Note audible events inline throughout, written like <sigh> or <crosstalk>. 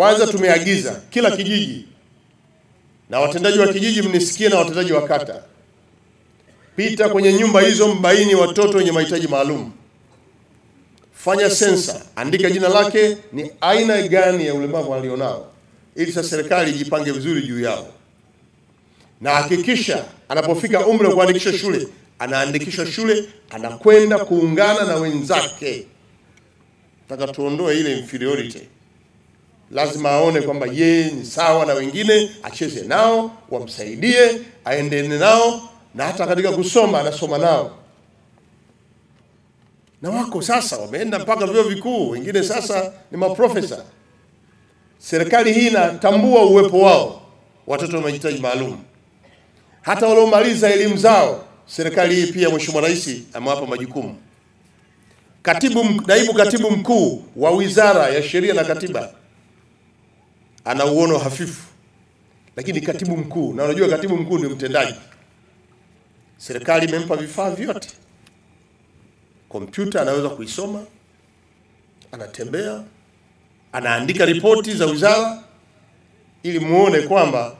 Kwanza tumeagiza kila kijiji na watendaji wa kijiji, mnisikie na watendaji wa kata, pita kwenye nyumba hizo, mbaini watoto wenye mahitaji maalum, fanya sensa, andika jina lake, ni aina gani ya ulemavu alionao, ili sasa serikali ijipange vizuri juu yao, na hakikisha anapofika umri wa kuandikisha shule anaandikishwa shule, anakwenda kuungana na wenzake. Nataka tuondoe ile inferiority lazima aone kwamba yeye ni sawa na wengine, acheze nao, wamsaidie, aendene nao, na hata katika kusoma anasoma nao. Na wako sasa wameenda mpaka vyuo vikuu, wengine sasa ni maprofesa. Serikali hii inatambua uwepo wao watoto wa mahitaji maalum, hata waliomaliza elimu zao. Serikali hii pia, Mheshimiwa Rais amewapa majukumu. Katibu, naibu katibu mkuu wa Wizara ya Sheria na Katiba ana uono hafifu, lakini katibu mkuu, na unajua katibu mkuu ndio mtendaji. Serikali imempa vifaa vyote, kompyuta anaweza kuisoma, anatembea, anaandika ripoti za wizara, ili muone kwamba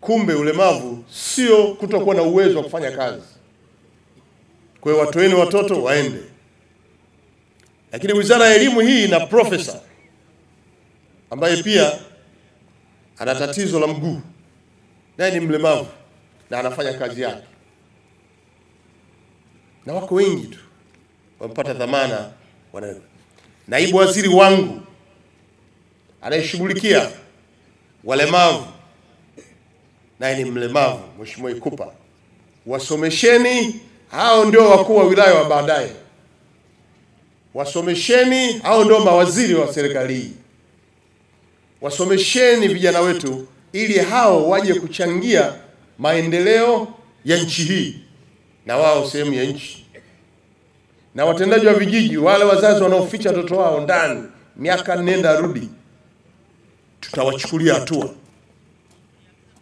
kumbe ulemavu sio kutokuwa na uwezo wa kufanya kazi. Kwa hiyo watoeni watoto waende, lakini wizara ya elimu hii ina profesa ambaye pia ana tatizo la mguu, naye ni mlemavu na anafanya kazi yake, na wako wengi tu wamepata dhamana. Wana naibu waziri wangu anayeshughulikia walemavu naye ni mlemavu, Mheshimiwa Ikupa, wasomesheni hao, ndio wakuu wa wilaya wa baadaye, wasomesheni hao, ndio mawaziri wa serikali hii wasomesheni vijana wetu ili hao waje kuchangia maendeleo ya nchi hii na wao sehemu ya nchi. Na watendaji wa vijiji, wale wazazi wanaoficha watoto wao ndani miaka nenda rudi, tutawachukulia hatua.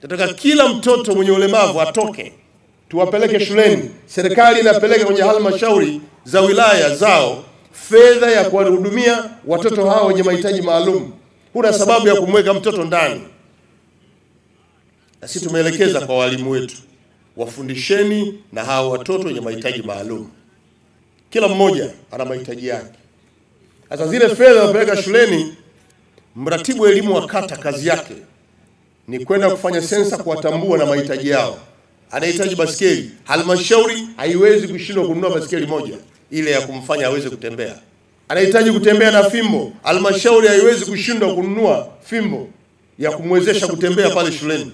Nataka kila mtoto mwenye ulemavu atoke, tuwapeleke shuleni. Serikali inapeleka kwenye halmashauri za wilaya zao fedha ya kuwahudumia watoto hao wenye mahitaji maalum huna sababu ya kumweka mtoto ndani. Na sisi tumeelekeza kwa walimu wetu, wafundisheni na hawa watoto wenye mahitaji maalum. Kila mmoja ana mahitaji yake. Sasa zile fedha zinapeleka shuleni, mratibu wa elimu wa kata kazi yake ni kwenda kufanya sensa, kuwatambua na mahitaji yao. Anahitaji basikeli, halmashauri haiwezi kushindwa kununua basikeli moja ile ya kumfanya aweze kutembea anahitaji kutembea na fimbo, halmashauri haiwezi kushindwa kununua fimbo ya kumwezesha kutembea pale shuleni,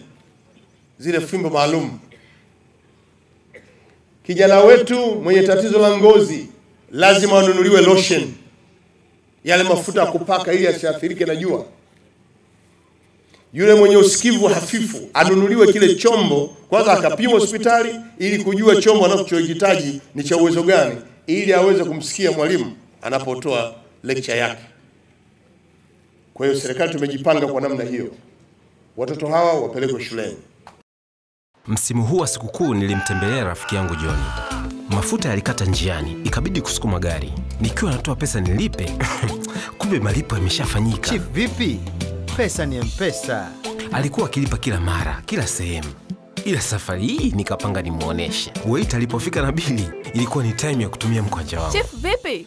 zile fimbo maalum. Kijana wetu mwenye tatizo la ngozi lazima wanunuliwe lotion, yale mafuta ya kupaka ili asiathirike na jua. Yule mwenye usikivu hafifu anunuliwe kile chombo, kwanza akapimwa hospitali ili kujua chombo anachokihitaji ni cha uwezo gani, ili aweze kumsikia mwalimu anapotoa lecture yake. Kwa hiyo serikali tumejipanga kwa namna hiyo, watoto hawa wapelekwe shuleni. Msimu huu wa sikukuu nilimtembelea rafiki yangu Joni. Mafuta yalikata njiani, ikabidi kusukuma gari. Nikiwa natoa pesa nilipe, <laughs> kumbe malipo yameshafanyika. Chief, vipi? Pesa ni mpesa. Alikuwa akilipa kila mara, kila sehemu, ila safari hii nikapanga nimwoneshe. Weit alipofika na bili, ilikuwa ni taimu ya kutumia mkwanja wangu. Chief, vipi?